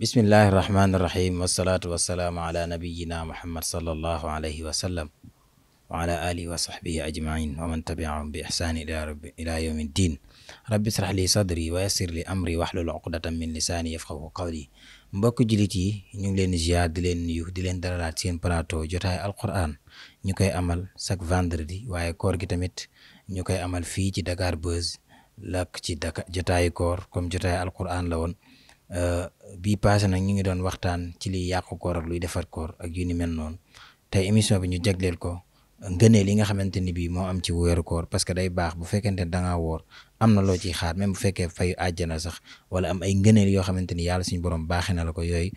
bismillahi irrahmani irrahim wassalaatu wassalaamu ala nabiyina muhammad sallallahu alayhi wa sallam wa ala alihi wa sahbihi ajmain wa man tabiahum bi ihsani ila rabbi ila yawmi ddin rabbi israh li sadri wa yassir li amri wahlul uqdatan min lisaani yafqahu qawli mbokk jullit yi ñu ngi leen ziar di leen nuyu di leen dalalaat seen plateau jotaay alquran ñu koy amal chaque vendredi waaye koor gi tamit ñu koy amal fii ci Dakar Buzz lakk ci Dakar jotaayu koor comme jotaay alquran la woon Euh, bii passé nag ñu ngi doon waxtaan ci liy yàqu koor ak luy defar koor ak yu ni mel noon tey émission bi ñu jagleel ko ngëneel yi nga xamante ni bii moo am ci weeru koor parce que day baax bu fekkente ne da woor am na loo ciy xaar même bu fekkee fay àjjana sax wala am ay ngëneel yoo xamante ni yàlla suñu borom baaxee la ko yooyu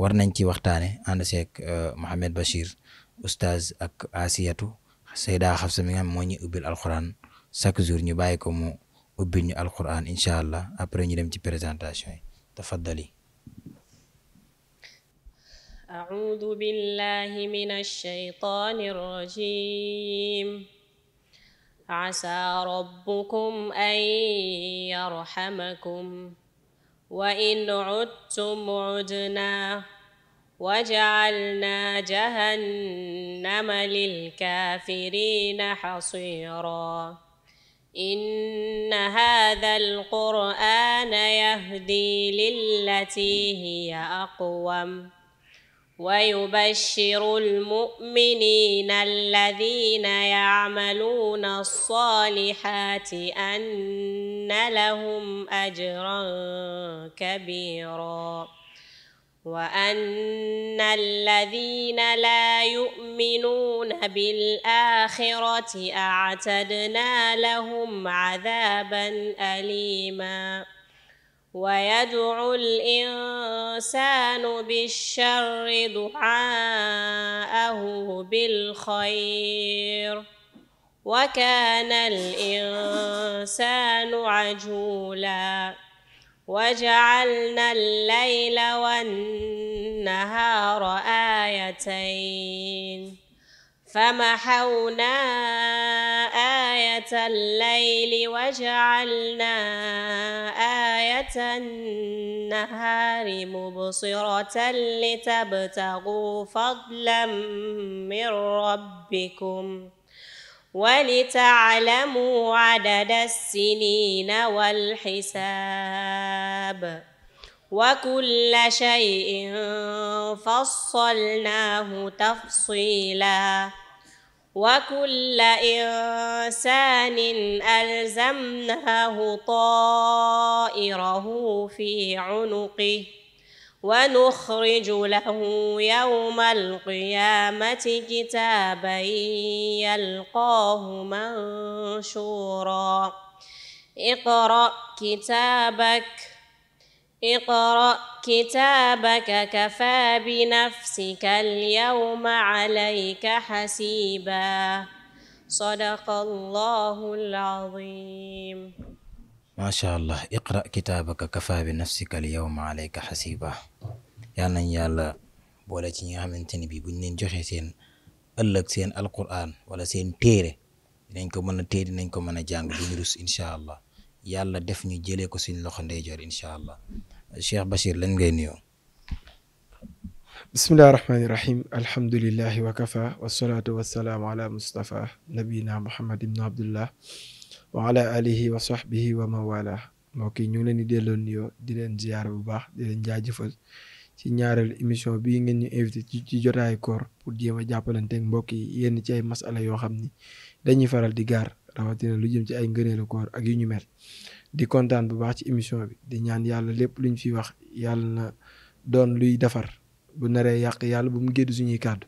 war nañ ci waxtaane ànd seeg euh, Mohamed Bachir ak Asiyatu Seyda Xafsa mi moo ñu ubbil alquran chaque jour ñu bàyyi ko mu ubbil ñu alquran incha allah après ñu dem ci présentation yi. tafaddali أعوذ بالله من الشيطان الرجيم عسى ربكم أن يرحمكم وإن عدتم عدنا وجعلنا جهنم للكافرين حصيراً إن هذا القرآن يهدي للتي هي أقوم ويبشر المؤمنين الذين يعملون الصالحات أن لهم أجرا كبيرا وأن الذين لا يؤمنون بالآخرة أعتدنا لهم عذابا أليما ويدعو الإنسان بالشر دعاءه بالخير وكان الإنسان عجولاً وجعلنا الليل والنهار آيتين فمحونا آية الليل وجعلنا آية النهار مبصرة لتبتغوا فضلا من ربكم ۖ ولتعلموا عدد السنين والحساب وكل شيء فصلناه تفصيلا وكل إنسان ألزمناه طائره في عنقه ونخرج له يوم القيامة كتابا يلقاه منشورا اقرأ كتابك اقرأ كتابك كفى بنفسك اليوم عليك حسيبا صدق الله العظيم macha allah iqra kitaabaka kafa bi nafsika al yawma alayka xasiba yal nañ yàlla boole ci ñi nga xamante ni bii buñ leen joxee seen ëllëg seen alquran wala seen téere dinañ ko mën a téere dinañ ko mën a jàng duñ rus allah yàlla def ñu jëlee ko suñ loxo ndeyjoor incha allah Cheikh Bachir lan ngay nuyoo. bismillahi rahmaani rahim alhamdulillahi wa kafa wasalaatu wasalaamu ala mustafa nabiyina muhammad ibn abdullah wa ala alihi wa sahbihi wa mawala mbokk yi ñu ngi leen di delloo nuyoo di leen ziyaar bu baax di leen jaajëfal ci ñaareelu émission bii ngeen ñu invité ci ci jotaayu koor pour jéem a jàppalanteeg mbokk yi yenn ci ay masala yoo xam ni dañuy faral di gaar rawatina lu jëm ci ay ngëneelu koor ak yu ñu mel di kontaan bu baax ci émission bi di ñaan yàlla lépp luñ fi wax yàlla na doon luy defar bu naree yàq yàlla bu mu géddu suñuy kàddu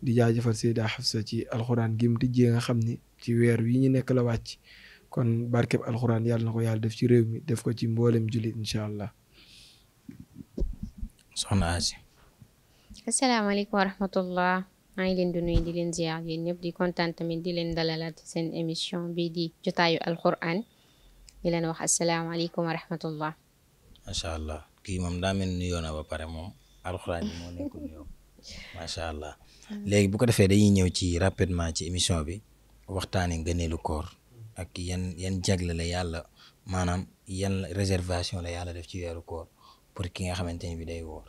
di jaajëfal Seyda Hafsa ci alxuraan gi mu tijjee xam ni ci weer wi ñu nekk la wàcc kon barkeb alxuraan yàlla na ko yàlla def ci réew mi def ko ci mboolem jullit incha allah. soxna Asi. asalaamaaleykum wa rahmatullah maa ngi leen di nuyu di leen ziar yéen ñëpp di kontaan tamit di leen dalalaat seen émission bii di jotaayu alxuraan di leen wax asalaamaaleykum wa rahmatullah. macha allah kii moom daa mel nuyoo na ba pare moom alxuraan yi moo nekk nuyoo macha allah mm. léegi bu ko defee dañuy ñëw ci rapidement ci émission bi waxtaanee ngëneelu koor. ak yan yan jagle la yàlla maanaam yan réservation la yàlla def ci weeru koor pour ki nga xamante ni bi day woor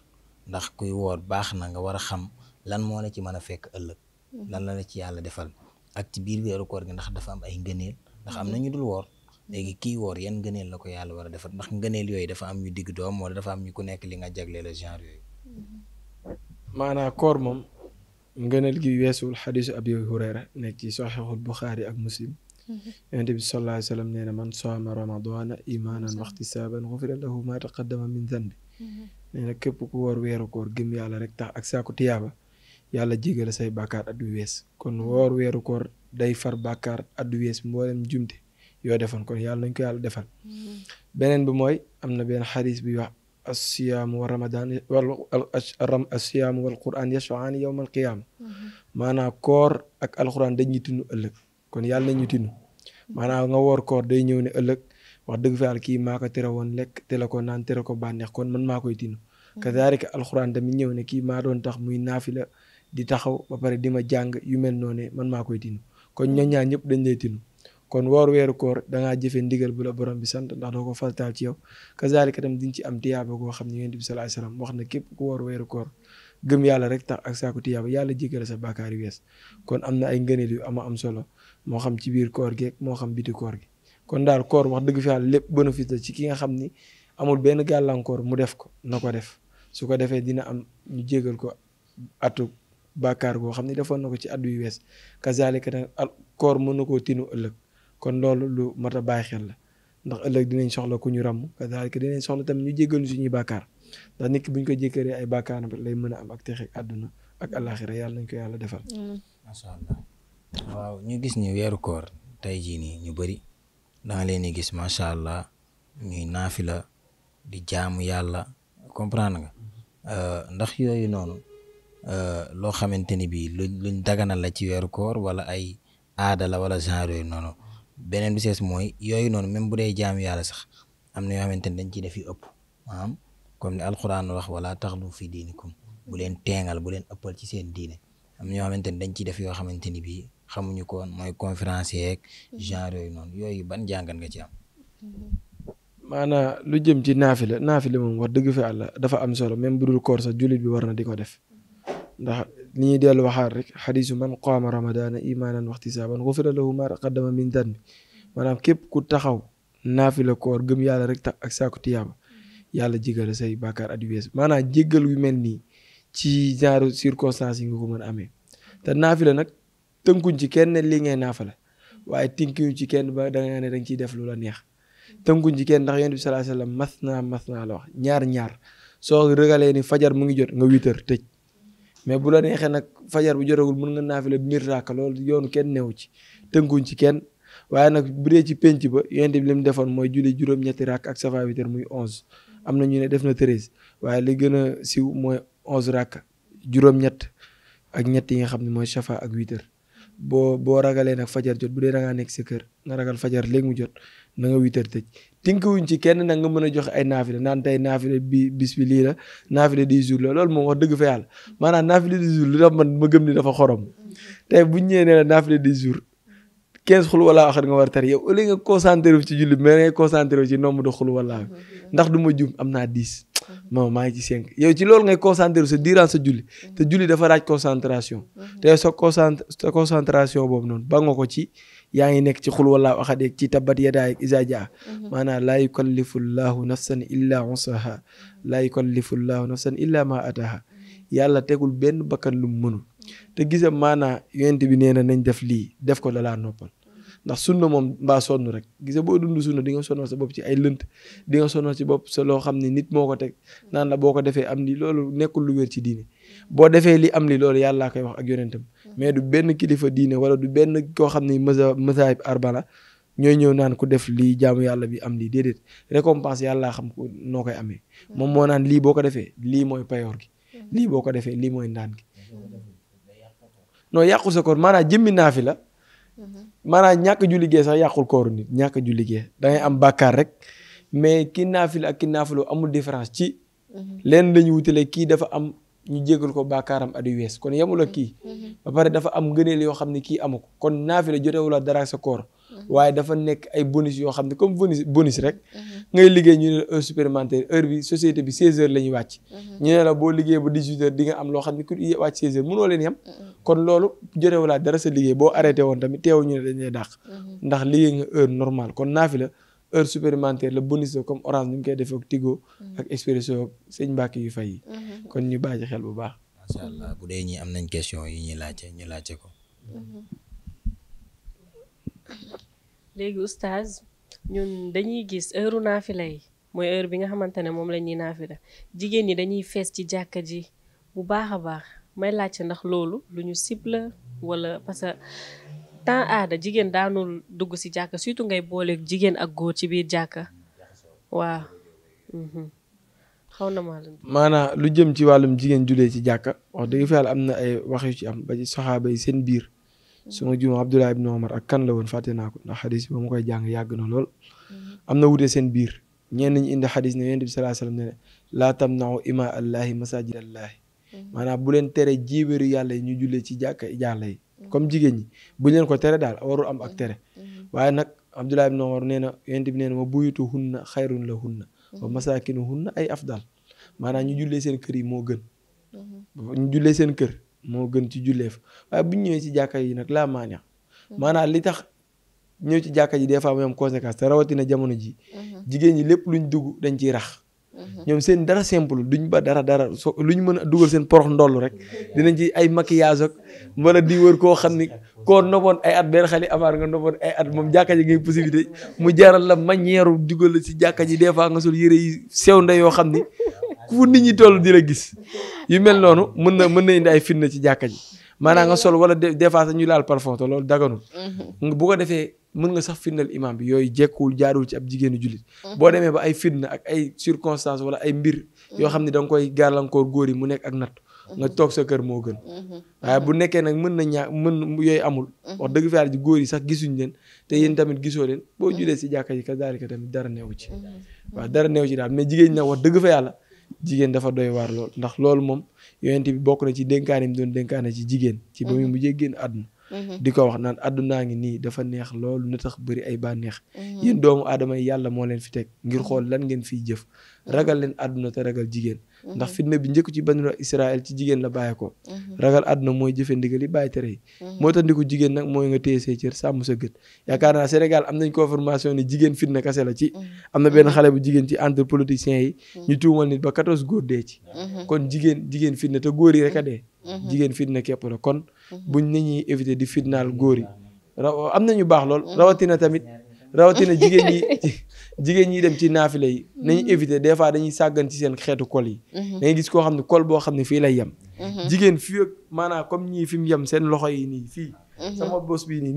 ndax kuy woor baax na nga war a xam lan moo la ci man a fekk ëllëg mm-hmm. lan la ci yàlla defal ak ci biir weeru koor gi ndax dafa am ay ngëneel ndax am na mm-hmm. ñu dul woor léegi kii woor yan ngëneel la ko yàlla war a defal ndax ngëneel yooyu dafa am ñu digg doom wala dafa am ñu ku nekk li nga jagleel la genre yooyu mm-hmm. maanaa koor moom ngëneel gi weesuwul yonent bi sallallahu man saama ramadaana imaanan waxtisaaban xufira lahu ma taqaddama min zanbi nee képp ku woor weeru koor gëm yàlla rek tax ak saaku tiyaaba yàlla jégale say bàkkaar at wees kon woor weeru koor day far bàkkaar at wees mboolem jumte yoo defoon kon yàlla nañ ko yàlla defal beneen bi mooy am na benn xadis bi wax asiyaamu wa ramadaan wal asiyaamu wal quraan yashfaani yowma alqiyaama mhm. maanaam koor ak alquran dañuy tunu ëllëg kon yàlla nañu tinu maanaam nga woor koor day ñëw ne ëllëg wax dëgg fa yàlla kii maa ko tere woon lekk tere ko naan tere ko bànneex kon man maa koy tinu mm-hmm. kazaalika alxuraan tamit ñëw ne kii maa tax muy naafila di taxaw ba pare di ma jàng yu mel noonu man maa koy tinu kon ñoo ñaar ñëpp dañ lay tinu kon woor weeru koor dangaa jëfe ndigal bu la borom bi sant ndax doo ko faltaal ci yow kazaalika tam diñ ci am tiyaaba goo xam ne yonent bi sallallahu alayhi wasallam wax na képp ku woor weeru koor gëm yàlla rek tax ak saako tiyaaba yàlla jéggal sa bàkkaari wees kon am na ay ngëneel yu ama am solo moo xam ci biir koor gi moo xam biti koor gi kon daal koor wax dëgg fi yàlla lépp bénéfice la ci ki nga xam ni amul benn gàllankoor mu def ko na ko def su ko defee dina am ñu jégal ko atu bàkkaar goo xam ne defoon na ko ci addu yu wees kazalika nag koor mën na koo tinu ëllëg kon loolu lu mat a bàyyi xel la ndax ëllëg dinañ soxla ku ñu ràmm kazalika dinañ soxla tamit ñu jégal suñuy bàkkaar ndax nit buñ ko jékkëree ay bàkkaaram lay mën a am ak texe àdduna ak àllaaxira yàlla nañ ko yàlla defal. waaw ñu gis ni weeru koor tey jii nii ñu bari danga leen di gis macha allah ñuy naafila di jaamu yàlla comprendre nga euh, ndax yooyu noonu euh, loo xamante ni bii luñ luñ daganal la ci weeru koor wala ay aada la wala genre yooyu noonu beneen bi sees mooy yooyu noonu même bu dee jaamu yàlla sax am na yoo xamante ni dañ ciy def yu ëpp maanaam comme ni alxuraan wax wala taxlu fi diinikum bu leen teengal bu leen ëppal ci seen diine am na yoo xamante ni dañ ciy def yoo xamante ni bii. xamuñu ko woon mooy conférence yeeg mhm. genre yooyu noonu yooyu ban jàngat nga ci am. Mhm. maanaa lu jëm ci naafila naafila moom wax dëgg fi àlla dafa am solo même bu koor sa julit bi war na di ko def ndax li ñuy dellu waxaat rek xadisu man qaama ramadaana imaanan waxtisaaban xufira lahu ma taqaddama min danbi maanaam képp ku taxaw naafila koor gëm yàlla rek ta ak saaku tiyaaba mhm. yàlla jéggal say bàkkaar at yu wees maanaam yu mel nii ci genre circonstance yi nga ko mën amee te tënkuñ ci kenn lii ngay naafala waaye tënkuñ ci kenn ba da nga ne da ciy def lu la neex tënkuñ ci kenn ndax yonent bi sallallahu alayhi mas naa mas naa la wax ñaar ñaar soo rëgalee ni fajar mu ngi jot nga huit heures tëj mais bu la neexee nag fajar bu jotagul mën nga naafila miir raaka loolu yoonu kenn newu ci tënkuñ ci kenn waaye nag bu dee ci penc ba yonent bi li mu defoon mooy julli juróom-ñetti raak ak safa huit heures muy onze am na ñu ne def na treize waaye li gën a siw mooy onze raak ak ñett yi nga xam ne mooy safa ak huit boo boo ragalee nag fajar jot bu dee da nekk sa kër nga ragal fajar léegi mu jot na nga tëj tinkuwuñ ci kenn nag nga mën a joxe ay naafila naan tey naafila bi bis bi lii la naafila dix jours la loolu moom jours lu tax man ma gëm ni dafa xorom tey buñ ñëwee ne la naafila dix jours quinze xul wala axat nga war tari yow au nga concentré ci julli mais ngay concentré wu ci nombre de xul wala ndax du jum am naa dix ma maa ngi ci cinq yow ci loolu ngay concentré sa durant sa julli te julli dafa laaj concentration te sa concentre sa concentration boobu noonu ba nga ko ci yaa ngi nekk ci xul wallaahu ahad yeeg ci tabbat yadaa yeeg izaa jaa mhm. maanaam laa yukallifu llaahu nafsan illa wusaha laa yukallifu llaahu nafsan illa ma ataha yàlla tegul benn bakkan lu mu mënul te gisa maanaa yonent bi nee na nañ def lii def ko dalaa noppal ndax sunna moom mbaa sonn rek gise boo dund sunna di nga sonal sa bopp ci ay lënt di nga sonal si bopp sa loo xam ne nit moo ko teg naan la boo ko defee am li loolu nekkul lu wér ci diine boo defee li am li loolu yàllaa koy wax ak yonentam mais du benn kilifa diine wala du benn koo xam ne masa masaayib arbala ñooy ñëw naan ku def lii jaamu yàlla bi am lii déedéet récompense yàllaa xam ko noo koy amee moom moo naan lii boo ko defee lii mooy payoor gi lii boo ko defee lii mooy ndaan gi non yàqu sa ko maanaam jëmmi naa fi la mhm. maanaam ñàkk ju liggéey sax yàqul kooru nit ñàkk ju liggéey da am bàkkaar rek mais ki naafil ak ki naafilu amul différence ci. Mhm. lenn lañu wutale kii dafa am ñu jégal ko bàkkaaram at wees kon yemul kii. Mhm. Mhm. ba pare dafa am ngëneel yoo xam ne kii amu ko kon naafila jotewul dara sa koor. waaye dafa nekk ay bonus yoo xam ne comme bonus bonus rek. Mhm. ngay liggéey ñu ne la heure supplémentaire heure bi société bi 16h la ñuy wàcc. Mhm. ñu ne la boo liggéey ba 18h di nga am loo xam ne ku wàcc 16h mënoo leen yem. Mhm. kon loolu jotewulaa boo arrêté woon tamit teewu ñu ne dañ lay dàq. ndax liggéey nga heure normale kon naafi la heure supplémentaire la bonus la comme orange ni mu koy defee ak Tigo. ak Expresso ak sëñ Mbacke yu fay yi. kon ñu bàyyi xel bu baax. macha allah bu dee nañ question yi ñuy laajte ñu laajte ko. léegi oustaz ñun dañuy gis heure naafila yi mooy heure bi nga xamante ne moom naa fi naafila jigéen ñi dañuy fees ci jàkka ji bu baax a baax may laajte ndax loolu lu ñu cible wala parce que temps aada jigéen daanul dugg si jàkka surtout ngay booleek jigéen ak góor ci biir jàkka waa mhm. xaw na maa maanaam lu jëm ci wàllum jigéen julee ci jàkka wax dëgg fa yàlla am na ay wax yu ci am ba ci soxaaba yi seen biir. suma juum Abdullah ibn Omar ak kan la woon fàtte naa ko ndax xadis ba ma koy jàng yàgg na lool mm-hmm. am na wute seen biir ñenn ñu indi xadis ne yonent bi sallallahu alayhi wasallam ne ne laa tamna'u ima allahi masajid allahi mm-hmm. maanaam bu leen tere jiibéru yàlla ñu jullee ci jàkka yàlla yi mm-hmm. comme jigéen ñi bu leen ko tere daal warul am ak tere waaye nag Abdullah ibn Omar nee na yonent bi nee na wa buyutu hunna xayrun la hunna wa masakinu hunna ay afdal maanaam ñu jullee seen kër yi moo gën ñu jullee seen kër moo gën ci julleef waaye bu ñu ñëwee ci jàkka yi nag laa maana mm-hmm. maanaam li tax ñëw ci jàkka ji des fois mu am rawatina jamono ji mm-hmm. jigéen ñi lépp luñ dugg dañ ciy rax mm-hmm. ñoom seen dara simple duñ ba dara dara so lu ñu mën a dugal seen porox ndoll rek dinañ ci ay maquillage ak di wër koo xam ni koo noboon ay at benn xale amaar nga noboon ay at moom jàkka ji ngay mu jaral la manière dugal la ci ji des fois nga sol yére yi sew nda yoo xam ni ku nit ñi toll di la gis yu mel noonu mën na mën na indi ay fitna ci jàkka ji maanaam nga sol wala des fois sax ñu laal parfum te loolu daganul mhm. bu ko defee mën nga sax fitnal imam bi yooyu jekkuwul jaarul ci ab jigéenu jullit boo demee ba ay fitna ak ay circonstance wala ay mbir yoo xam ne da nga koy gàllankoor góor yi mu nekk ak natt nga toog sa kër moo gën mhm. waaye bu nekkee nag mën na ñaa mën yooyu amul mhm. wax dëgg fa yàlla ji góor yi sax gisuñu leen te yéen tamit gisoo leen boo julee si jàkka ji ka daalika dara neewu ci waaw dara neewu ci daal mais fa yàlla jigéen dafa doy waar lool ndax loolu moom yonent bi bokk na ci dénkaanim doon dénkaane ci jigéen ci ba mu mujjee génn àdduna Mhm. di ko wax naan àddunaa ngi nii dafa neex loolu na tax bëri ay bànneex mhm. yéen doomu aadama yi yàlla moo leen fi teg ngir mhm. xool lan ngeen fiy jëf ragal leen àdduna te ragal jigéen ndax fitna bi njëkk ci banu Israël ci jigéen la bàyyi ko ragal àdduna mooy jëfe ndigal yi bàyyi tere yi moo tax ndiku jigéen nag mooy nga téye say cër sàmm sa gët yaakaar naa Sénégal am nañ confirmation ni jigéen fitna kase la ci am na benn xale bu jigéen ci entre politiciens yi ñu tuumal nit ba quatorze góor dee ci kon a dee jigéen Mhm. buñ nit ñuy éviter di fitnaal góor yi am na ñu baax lool mhm. rawatina tamit rawatina jigéen ñi jigéen ñi dem ci naafile yi mhm. nañu éviter des fois dañuy sàggan ci seen xeetu kol yi dañuy gis koo xam ne kol boo xam ne fii lay yem jigéen fii ak comme ñii fi mu yem seen loxo yi nii fii sama bos bi nii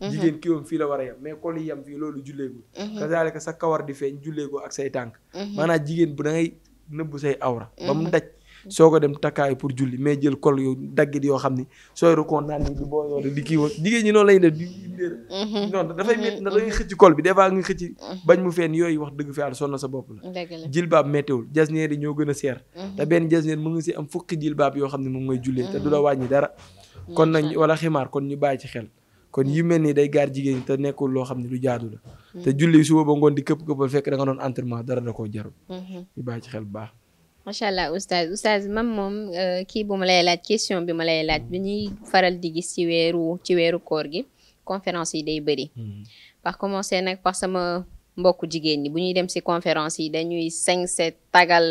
nii fii la war a yem mais kol yi yem fii loolu julleegul kazaalika sa kawar di feeñ julleegoo ak say tànk maanaam jigéen bu da ngay nëbb say awra ba mu daj soo ko dem takkaay pour julli mais jël kol yu daggit yoo xam ni sooy rukoon naan ni di boo yoore di kii wa jigéen ñi noonu lay mhm. ne dafay métti na da bi des fois nga xëcc mhm. yooyu wax dëgg fi yàlla sonn sa bopp la jilbaab méttéwul jasneer yi ñoo gën a seer mhm. benn jasneer mu ngi si am fukki jilbaab yoo xam ne moom ngay jullee te du la wàññi dara kon nañ wala ximaar kon ñu bàyyi ci xel kon yu mel nii day gaar jigéen ñi te nekkul loo xam ne lu jaadu la te julli suba ba ngoon di këpp këppal fekk da nga doon entraînement dara da koo jarul ñu bàyyi ci xel baax macha allah oustaz oustaz mam moom euh, kii bu ma lay laaj question bi ma lay laaj bi hmm. ñuy faral di gis ci weeru ci weeru koor gi conférence yi day bëri hmm. par commencer nag par sama mbokku jigéen ñi bu ñuy dem si conférence yi dañuy sañse tagal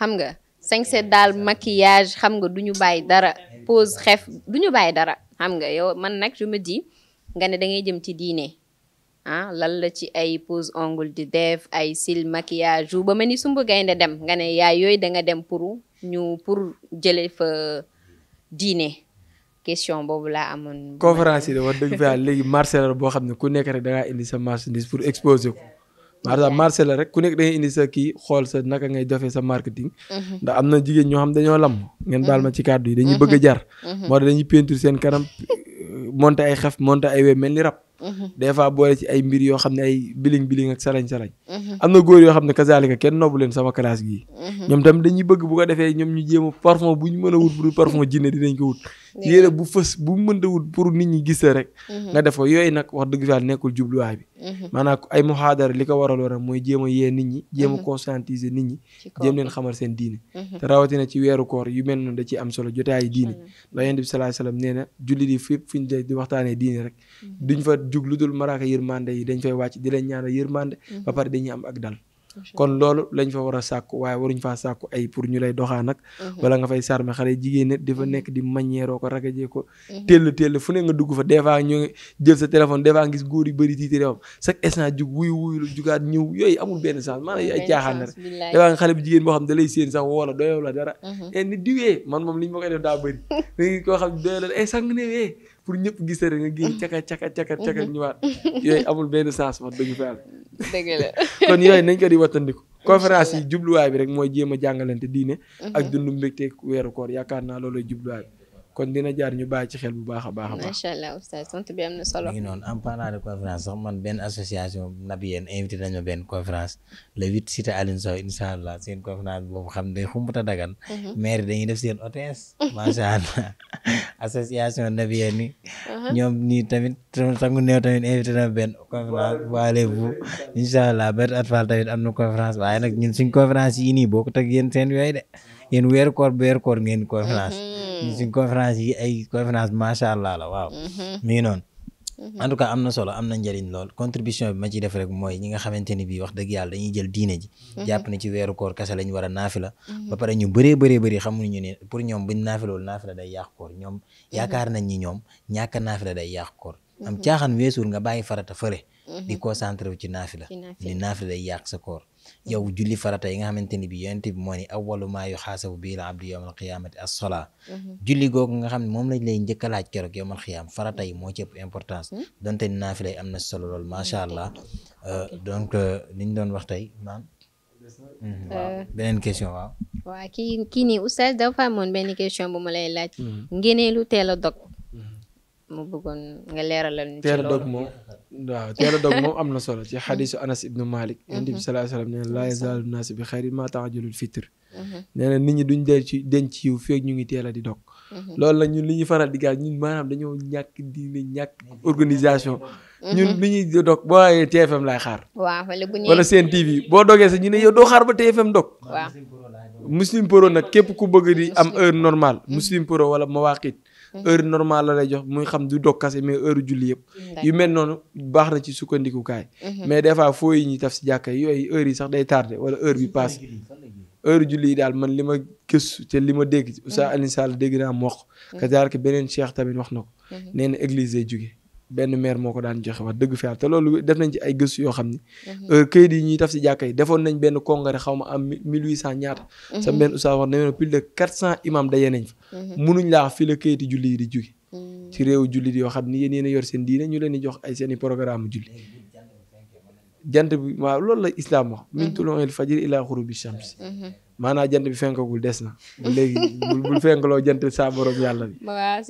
xam nga sañse daal maquillage xam nga du ñu bàyyi dara pose xef du ñu bàyyi dara xam nga yow man nag je me dis nga ne da ngay jëm ci diine ah lan la ci ay pose ongle di def ay sil maquillage yu ba mel ni sumb gaynde dem nga ne yaay yooyu da nga dem pour ñu pour jële fa diine question boobu laa amoon. conférence yi de wax dëgg fa boo xam ne ku nekk rek da indi sa marchandise pour exposer ko. maanaam marché la rek ku nekk da indi sa kii xool sa naka ngay defee sa marketing. Mhm. ndax am na jigéen ñoo xam dañoo lam. ngeen baal ma ci kàddu yi dañuy mhm. bëgg a jar. Mhm. moo tax dañuy peinture seen kanam monter ay xef monter ay we mel ni rab. Mhm. des fois boole ci ay mbir yoo xam ne ay biling biling ak salañ salañ mhm. am na góor yoo xam ne kasaalika kenn nobbu leen sama classe gii mhm. ñoom tamit dañuy bëgg bu defee ñoom ñu jéem a parfum bu ñu mën a wut bu dul parfum jinne dinañ ko wut yére bu fës bu wul pour nit ñi gis rek mhm. nga def ko yooyu nag wax dëgg fa nekkul jubluwaay bi mhm. maanaam ay muhaadara li ko waraloon rek mooy jéem a yee nit ñi jéem a mhm. conscientiser nit ñi jéem leen xamal seen diine te rawatina ci weeru koor yu mel noonu da ciy am solo jotaayu diine ndax yonent bi sallallahu alayhi wasallam nee na julli di fépp fi ñu di waxtaanee diine rek duñ fa jug lu dul maraaka yërmande yi dañ fay wàcc di leen ñaanal yërmande ba pare dañuy am ak dal kon loolu lañ fa war a sàkk waaye waruñ faa sàkku ay pour ñu lay doxaa nag wala nga fay sarme xale jigéen di fa mhm. nekk di manièroo ko ragajee ko tell mhm. tell fu ne nga dugg fa des fois ñu jël sa téléphone des fois gis góor yi bëri tiiti réewam chaque instant jug wuyu jugaat ñëw yooyu amul benn sens ay caaxaan na rek des fois nga xale bu jigéen boo xam da lay séen sax woo la doyow la dara e ni diwee man moom liñ ma koy def daa bëri léegi koo xam doyow la ay eh, sang newee pour ñëpp gis rek nga gis caka caka caka caka ñëwaat yooyu amul benn sens wax dëgg fa yàlla dëgg la kon yooyu nañ ko di wattandiku. conférence yi jubluwaay bi rek mooy jéem a jàngalante diine. Mhm. ak dundu mbégteeg weeru koor yaakaar naa loolooy jubluwaay bi. kon dina jaar ñu bàyyi ci xel bu baax a baax a baax. macha allah oustaz sant bi am na conférence sax man benn association Nabiyeen invité nañu ma benn conférence le huit cité Aline Sow incha allah seen conférence boobu xam ne xumbuta dagan. Mhm. maire dañuy def seen hôtesse. macha association Nabiyeen yi. Mhm. ñoom nii tamit sangu néew tamit invité na benn conférence waale bu incha allah benn at faal tamit am na conférence waaye nag ñun suñ conférence yi nii bokkut yéen weeru koor weeru koor ngeen conférence mhm. suñ conférence yi ay conférence macha allah la waaw mhm. mi ngi noonu mhm. en tout cas am na solo am na njëriñ lool contribution bi ma ciy def rek mooy ñi nga xamante ni bii wax dëgg yàlla dañuy jël diine ji jàpp na ci weeru koor kese lañ war a naafila ba pare ñu bëree bëree bëri xamuñu ñu ni pour ñoom buñ naafiloolu naafila day yàq koor ñoom yaakaar nañ ñi ñoom ñàkk a day yàq koor am caaxaan weesuur nga bàyyi farata fëre di ko concentré wu ci naafila ni naafila day yàq sa koor yow julli farata yi nga xamante ni bi yonent bi moo ni awwalu maa yuxaasabu bihi al-abdu a qiyaamati as-salaa mhm. julli googu nga xam ne moom lañ lay njëkk a laaj keroog yawmal qiyaam farata moo ci ëpp importance hmm? donte ni naafila am na solo lool hmm, allah euh, donc euh, li doon wax maam hmm, euh, beneen question waaw. waa kii kii nii oustaz dafa amoon benn question bu ma lay laaj. ngeeneelu teel a dog. mu bëggoon nga leeralal a dog moom waaw teel dog moom am na solo ci xadisu anas ibnu malik mm-hmm. yonent bi sallallahu alayhi bi xayrin maa ta'ajjalul fitr mm-hmm. nee ñi duñ del ci denc yiw ñu ngi teel a di dog mm-hmm. loolu la ñun li ñuy faral di gaañ ñun maanaam dañoo ñàkk diine ñàkk organisation ñun ñuy dog boo waayee TFM laay xaar wala seen TV boo dogee sax ñu ne yow doo xaar ba TFM dog waaw Muslim Pro nag képp ku bëgg di am heure normale Muslim Pro wala Mawaqit Mhm. heure normale la lay jox muy xam du dog kase mais heure julli yëpp yu mel noonu baax na ci sukkandikukaay mhm. mais des fois foo yi ñu taf si jàkka yooyu heure yi sax day tardé wala heure bi passe heure julli yi daal man li ma gëstu te li ma dégg sa mhm. Alioune Sall dégg naa mu wax ko beneen cheikh tamit wax na ko nee na église jóge benn maire moo ko daan joxe wax dëgg fi te loolu def nañ ci ay gëstu yoo xam ne mhm. euh, këyit yi ñuy taf si jàkka yi defoon nañ benn congrès xaw ma am mille huit cent ñaata mhm. sa benn oustaz wax na plus de quatre cent imam dajee nañ fa mhm. munuñ laa fi la këyiti julli yi di jóge ci réew jullit yoo xam ni yéen yéen yor seen diine ñu leen di jox ay seeni i programme julli jant bi waaw loolu la islam wax min tuluu il fajr ila xurubi maanaa jant bi fenkagul des na ba léegi bul fenkaloo jant saa borom yàlla bi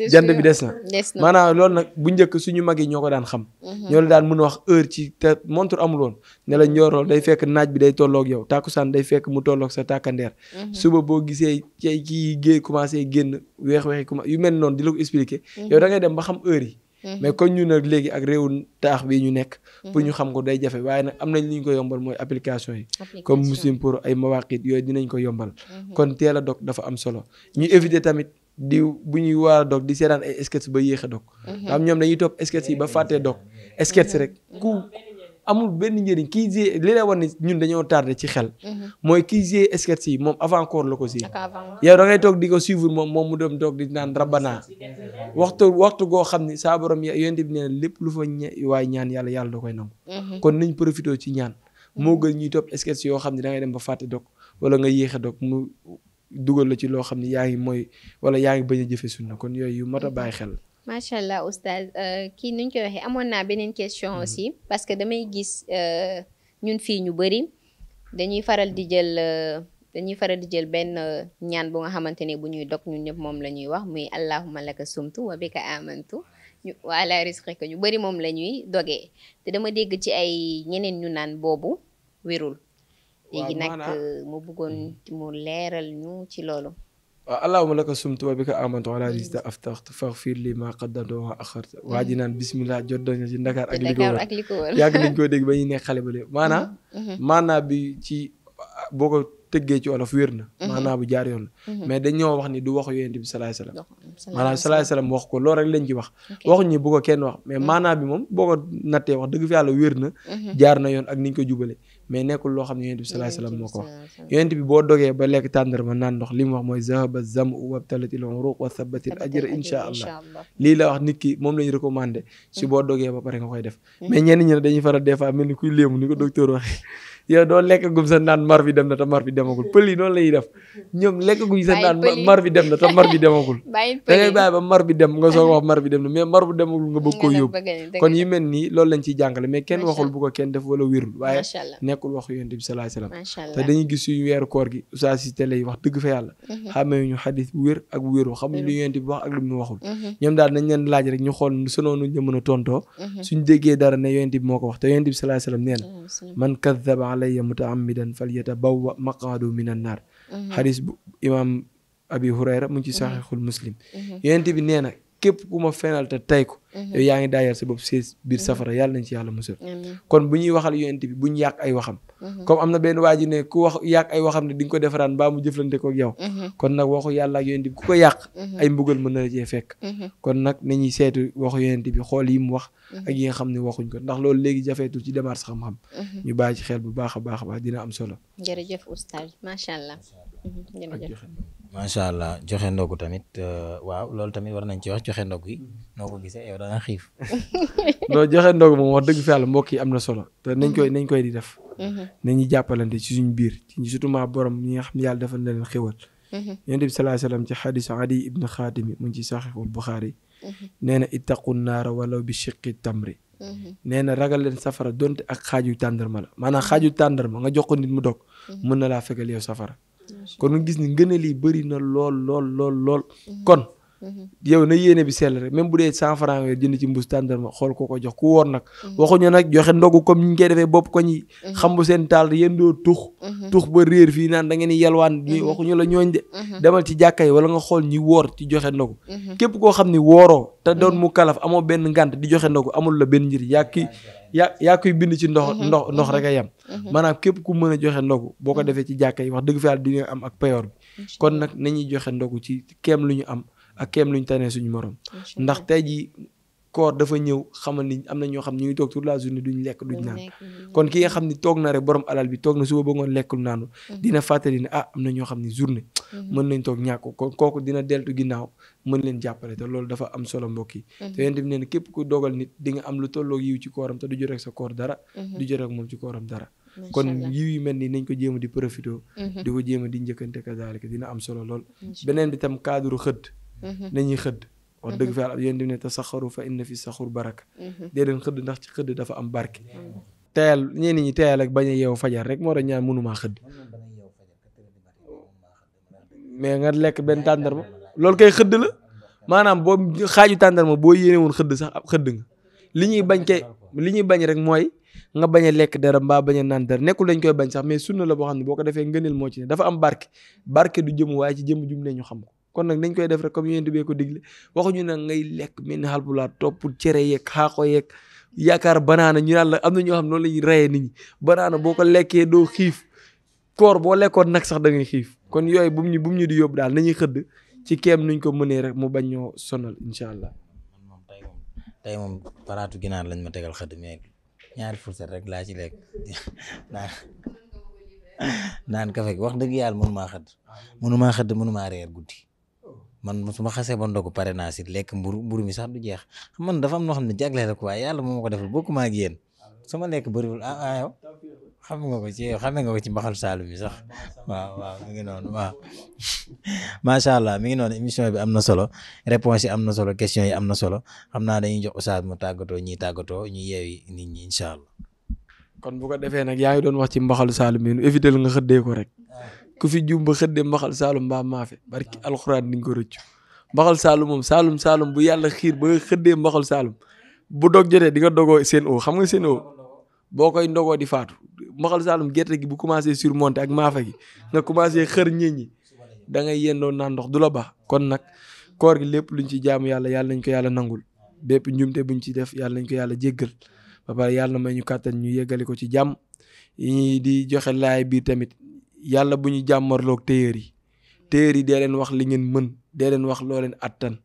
jant bi des na maanaa loolu nag bu njëkk suñu mag yi ñoo ko daan xam mhm. ñoo la daan mën a wax heure ci te montre amul woon ne la njoorool day fekk naaj bi day tolloog yow tàkkusaan day fekk mu tolloog sa tàkkandeer mhm. suba boo gisee cay kii géey commencé génn weex weexi yu mel noonu di la ko expliquer mhm. yow da dem ba xam heure yi Mhm. mais kon ñu nag léegi ak réewu taax bi ñu nekk. Mhm. pour ñu xam ko day jafe waaye nag am nañ li ñu ko yombal mooy application yi. comme Muslim pour ay mawaqit yooyu dinañ ko yombal. Mhm. kon teel a dog dafa am solo ñu éviter tamit. di bu ñuy waar a dog di seetaan ay sketch ba yéex a dog. xam ñoom dañuy topp sketch yi ba fàttee dog sketch rek ku amul benn njëriñ kii gisee li lay wan ñun dañoo tardé ci xel. Mhm. mooy kii gisee sketch yi moom avant koor la ko si. yow da toog di ko suivre moom moom mu dem toog di naan rabbana waxtu waxtu goo xam ni saa borom yonent bi nee lépp lu fa waay ñaan yàlla yàlla doo koy nam mhm. kon nañ profité ci ñaan. Mhm. moo gën ñuy topp sketch yoo xam ne da dem ba fàtte dog wala nga yéex a dog mu dugal la ci loo xam ne yaa ngi mooy wala yaa ngi bañ a jëfe sunna kon yooyu yu mat a bàyyi xel. macha allah oustaz euh, kii nuñ koy waxee amoon naa beneen question mhm. aussi parce que damay gis euh, ñun fii ñu bëri dañuy faral di jël euh, dañuy faral di jël benn ñaan bu nga xamante ne bu ñuy dog ñun ñëpp moom la ñuy wax muy allahumma laka sumtu wa bika amantu ñu wala risqika ñu bari moom la ñuy dogee te dama dégg ci ay ñeneen ñu naan boobu wérul léegi nag mu bëggoon mhm. mu leeral ñu ci loolu waaw allahumma laka sumtu wa bika amantu wala lista aftaxtu faghfir li ma qaddamtu wa a mm. waa ji naan bismillah jot doñu ci Ndakaar ak li ko wër yàgg nañ koo ba ñuy xale ba léegi mm-hmm. bi ci boo tëggee ci olof wér na mhm. maanaam bu jaar yoon la mhm. mais dañoo wax ni du waxu yonent bi salaay salaam maanaam salaay salaam wax ko loolu rek lañ ci wax waxuñ ñi bu ko kenn wax mais mhm. maanaam bi moom boo ko nattee wax dëgg fi yàlla wér na jaar na yoon ak niñ ko jubale mais nekkul loo xam ne yonent bi salaay salaam moo ko wax yonent bi boo dogee ba lekk tàndarma naan ndox li mu wax mooy zahaba zamu wabtalatil uruq wa thabatil ajr insha allah lii la wax nit ki moom lañ recommandé si boo dogee ba pare nga koy def mais ñenn ñi ne dañuy faral des fois mel ni kuy léemu ni ko docteur waxee yow doo lekk gum sa naan mar bi dem na te mar bi demagul pël yi noonu la ñuy def ñoom lekk guñ sa naan mar bi dem na te mar bi demagul da ngay bàyyi ba mar bi dem nga soog wax mar bi dem na mais mar bu demagul nga bëgg koo yóbbu kon yu mel nii loolu lañ ciy jàngale mais kenn waxul bu ko kenn def wala wérul waaye nekkul waxu yonent bi sallallahu alayhi wasallam te dañuy gis suñu weeru koor gi oustaz si télé yi wax dëgg fa yàlla mhm. xàmmeewuñu xadis bu wér ak bu wéru xamuñ lu yonent bi wax ak lu mu waxul mhm. ñoom daal nañ leen laaj rek ñu xool sunoonu ñu mën a tontoo mhm. suñ déggee dara ne yonent bi moo ko wax te yonent bi sallallahu alayhi wasallam nee na man kadhaba alayya mutaammidan falyatabawwa maqaadu min an naar xadis mhm. bu imaam abi hurayra mu ngi ci mhm. saxiixul muslim mhm. yonent bi nee képp ku ma fenal te tey ko mhm. yow yaa ngi daayal sa bopp sées biir mhm. safara yàlla nañ ci yàlla musal kon bu ñuy waxal yonent bi bu ñu yàq ay waxam mhm. comme am na benn waa ji ne ku wax yàq ay waxam ne di nga ko defaraan mbaa mu jëflante ko ak yow kon nag waxu yàlla ak yonent bi ku ko yàq ay mbugal mën na la cee fekk kon nag nañuy seetu waxu yonent bi xool yi mu wax ak yi nga xam ne waxuñ ko ndax loolu léegi jafeetul ci démarche xam-xam ñu bàyyi ci xel bu baax a baax a baax dina am solo jërëjëf oustaz macha allah jërëjëf macha allah joxe ndogu tamit euh, waaw loolu tamit war nañ ci wax joxe ndog yi noo ko gisee yow da nga xiif. non joxe ndog moom wax dëgg fa yàlla mbokk yi am na solo te nañ koy nañ koy di def. Mhm. nañu jàppalante ci suñu biir ci maa borom ñi nga xam ne defal na leen xéwal. Mhm. yonent bi sallallahu alayhi wasallam ci xadisu mu ngi ci mhm. nee na ittaqu naara walaw bi shiqqi tamri. nee na ragal leen safara donte ak xaaju tàndarma la maanaa xaaju tàndarma nga jox ko nit mu dog. mën na laa fekkal yow safara. kon nga gis ni ngëneel yi bëri na lool lool lool lool mhm. kon Mm-hmm. yow na yéene bi sell rek même bu dee cent franc nga jënd ci mbus tàndarma xool ko ko jox ku woor nag mm-hmm. waxuñu nag joxe ndogu comme ñu koy defee ko ñi mm-hmm. xam bu seen taal yéen doo tux tux ba réer fii naan da ngeen di yalwaan ñi waxuñu la ñooñ de ci jàkka yi wala nga xool ñi woor ci joxe ndogu képp koo xam ni wooroo te doon mu kalaf amoo benn ngant di joxe ndogu amul la benn njëriñ yaa ki yaa yaa bind ci ndox ndox ndox rek a yem maanaam képp ku mën a joxe ndogu boo ko defee ci jàkka yi wax dëgg fa yàlla di nga am ak payoor bi kon nag nañuy joxe ndogu ci keem lu ñu am ak kéem lu ñu tane suñu morom. ndax tey ji koor dafa ñëw xamal ni am na ñoo xam ñu ngi toog toute la journée duñu lekk duñ naan kon ki nga xam ni toog na rek borom alal bi toog na suba ba ngoon lekkul naanu mm-hmm. dina fàttali ne ah am na ñoo xam ni journée mm-hmm. mën nañ toog ñàkk ko kon kooku dina deltu ginnaaw mën leen jàppale te loolu dafa am solo mbokk yi mm-hmm. te yéen tamit képp ku nit di nga am lu tolloog yiw ci kooram te du jot ak sa koor dara du jot ak moom ci kooram dara kon yiw yi mel ni nañ ko jéem a di profité di ko jéem a di njëkkante kazaalika dina am solo lool beneen bi tam cadre xëdd Mhm. nañuy xëdd wax dëgg mhm. fa yàlla yéen di ne te saxaru fa inna fi saxur baraka mhm. dee leen xëdd ndax ci xëdd dafa am barke teyal ñenn ñi teyal ak bañ a yeewu fajar rek moo tax mënumaa xëdd mais nga lekk benn tàndarma loolu kay xëdd la maanaam boo xaaju tàndarma boo yéene woon xëdd sax ab xëdd nga li ñuy bañ kay li ñuy bañ rek mooy nga bañ a lekk dara mbaa bañ a naan dara nekkul dañ koy bañ sax mais sunna la boo xam ne boo ko defee ngëneel moo ci ne dafa am barke barke du jëm waaye ci jëm jum ñu xam ko kon nag nañ koy def rek comme yonent bee ko digle ñu nag ngay lekk mel ni halpulaar topp cere yeeg xaaxo yeeg yaakaar banaana ñi naan la am na ñoo xam noonu la ñuy rayee nit ñi banaana boo ko lekkee doo xiif koor boo lekkoon nag sax da ngay xiif kon yooyu bu ñu bu ñu di yóbbu daal nañuy xëdd ci keem nuñ ko mënee rek mu bañ ñoo sonal incha allah. moom tey moom tey moom paraatu ginaar lañ ma tegal xëdd mais ñaari fourchette rek laa ci lekk naan naan kafe wax dëgg yàlla mënumaa xëdd ah. mënumaa xëdd mënumaa reer guddi. man su ma xasee ba ndogu pare naa si lekk mburu mburu mi sax du jeex man dafa am noo xam ne jagleel la ko waaye yàlla moo ma ko defal bokkuma ak yéen sama lekk bëriwul ah ah yow xam nga ko ci yow xamee nga ci mbaxal saalum bi sax waaw waaw ngi noonu waaw macha allah mi ngi noonu émission bi am na solo réponse yi am na solo question yi am na solo xam naa dañuy jox oustaz mu tàggatoo ñiy tàggatoo ñu yeewi nit ñi incha allah. kon bu defee nag yaa ngi doon wax ci mbaxalu saalum bi nu éviter nga xëddee ko rek. Ah. ku fi jum ba xëddee mbaxal saalum mbaa maafe barki alxuraan ni nga ko rëccu mbaxal saalum moom saalum saalum bu yàlla xiir ba xëddee mbaxal saalum bu dog jotee di nga dogoo seen o xam nga seen o boo koy ndogoo di faatu mbaxal saalum gerte gi bu commencé surmonter ak maafa gi nga commencé xër ñeñ ñi da ngay yendoo naan ndox du la baax kon nag koor gi lépp luñ ci jaamu yàlla yàlla nañ ko yàlla nangul bépp njumte buñ ci def yàlla nañ ko yàlla jéggal ba pare yàlla may ñu kattan ñu yéggali ko ci jàmm yi di joxe laay biir tamit yàlla bu ñu jàmmarloog téyeer yi téyeer yi dee leen wax li ngeen mën dee leen wax loo leen attan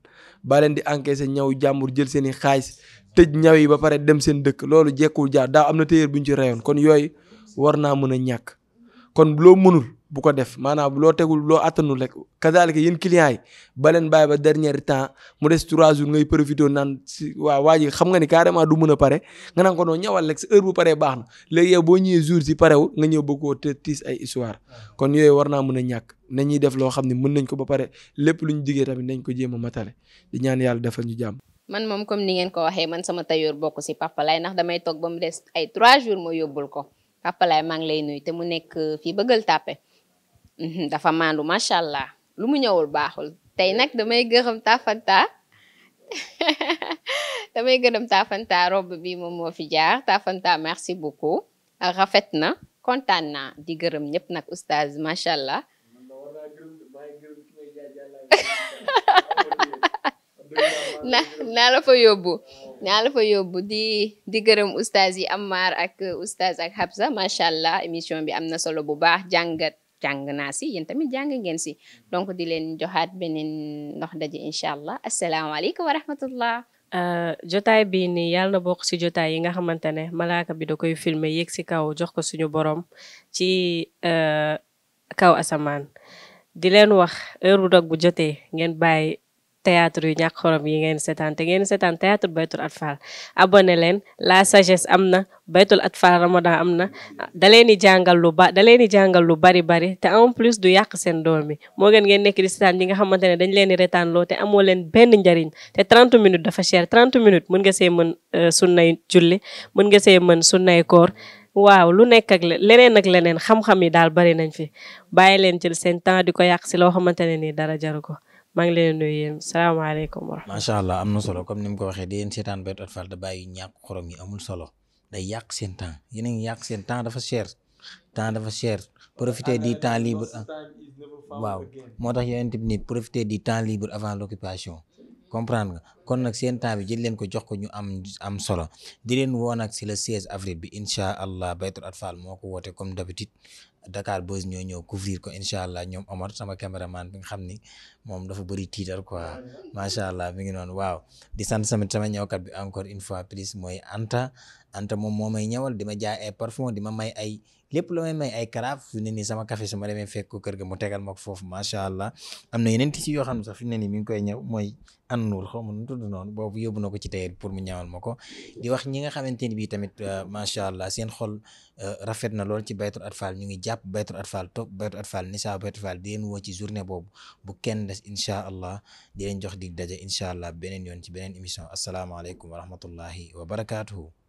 ba leen di encaisser ñaw jàmbur jël seen i xaalis tëj ñaw yi ba pare dem seen dëkk loolu jekkul jaar daa am na téyeer bu ñu ci reyoon kon yooyu war naa mën a ñàkk kon loo mënul bu ko def maanaam loo tegul loo attanul rek kazaalika yéen clients yi ba leen bàyyi ba dernier temps mu des trois jours ngay waaw waa ji xam nga ni carrément du mën a pare nga naan ko noonu ñëwal rek sa heure bu baax na léegi yow boo ñëwee jours yi parewul nga ñëw bëgg koo te ah. war naa mën a ñàkk nañuy def loo xam ne mën nañ ko ba pare lépp lu ñu digee tamit nañ ko jéem a matale di ñaan yàlla ñu jàmm. man moom comme ni ngeen ko waxee man sama tailleur bokk si Papa Laye ndax damay toog ba mu des ay trois jours ma yóbbul ko Papa Laye maa ngi lay nuyu te mu nekk fii bëggal tàppe Mhm, dafa maandu macha allah lu mu ñëwul baaxul tey nag damay gërëm Tafanta damay gërëm bi moom moo fi jaar Tafanta merci beaucoup rafet na kontaan na di gërëm ñëpp nag oustaz macha allah. na naa la fa yóbbu naa yóbbu di di gërëm oustaz yi Amar ak oustaz ak Habsa macha allah émission bi am na solo bu baax jàngat. jàng naa si yéen tamit jàng ngeen si donc di leen joxaat beneen ndox daje incha allah asalaamaaleykum wa rahmatullah euh, jotaay bii nii yàlla na bokk si jotaay yi nga xamante ne malaaka bi da koy filmer yéeg si kaw jox ko suñu borom ci euh, kaw asamaan di leen wax heure bu jotee ngeen bàyyi théâtre yu ñàkk xorom yi ngeen seetaan te ngeen seetaan théâtre baytul atfal leen la sagesse am na baytul atfal ramadan am na da leen di jàngal lu ba da leen di jàngal lu bari bari te en plus du yàq seen doom yi moo gën ngeen nekk di seetaan ñi nga xamante ne dañ leen di retaan loo te amoo leen benn njariñ te 30 minutes dafa cher 30 minutes mën nga see mën euh, sunnay julli mën nga see mën sunnay koor waaw lu nekk ak leneen ak leneen xam-xam yi daal bari nañ fi bàyyi leen jël seen temps di ko yàq si loo xamante ne nii dara jaru ko maa ngi leen nuyu yéen salaamaaleykum wa rahmatulah. macha allah am na solo comme ni mu ko waxee di yéen seetaan Beth Ot Fall da bàyyi ñàkk xorom yi amul solo day yàq seen temps yéen a ngi yàq seen temps dafa cher temps dafa cher profiter du temps libre waaw moo tax yonent bi nit profiter du temps libre avant l'occupation comprendre nga kon nag seen temps bi jël leen ko jox ko ñu am am solo di leen woo nag si le 16 avril bi incha allah Beth Ot Fall moo ko woote comme d'habitude Dakar Buzz ñoo ñëw couvrir ko incha allah ñoom Omar sama caméraman bi nga xam ni moom dafa bari tiitar quoi macha allah mi ngi noonu waaw di sant sama sama ñëwkat bi encore une fois plus mooy Anta anta moom moo may ñawal di ma jaay ay parfum ma may ay lépp la may may ay karaaf fi ne nii sama café su ma demee fekk ko kër ga mu tegal ma ko foofu macha allah am na yeneen tissu yoo xam ne sax fi ne nii mi ngi koy ñëw mooy an nuur xaw ma nu tudd noonu boobu yóbbu na ko ci tailleur pour mu ñawal ma ko di wax ñi nga xamante ni bii tamit euh, macha allah seen xol euh, rafet na lool ci baytul atfal ñu ngi jàpp baytul atfal topp baytul atfal nisa baytul atfal di leen woo ci journée boobu bu kenn des incha allah di jox dig daje incha allah beneen yoon ci beneen émission asalaamaaleykum wa rahmatullahi wa barakaatuhu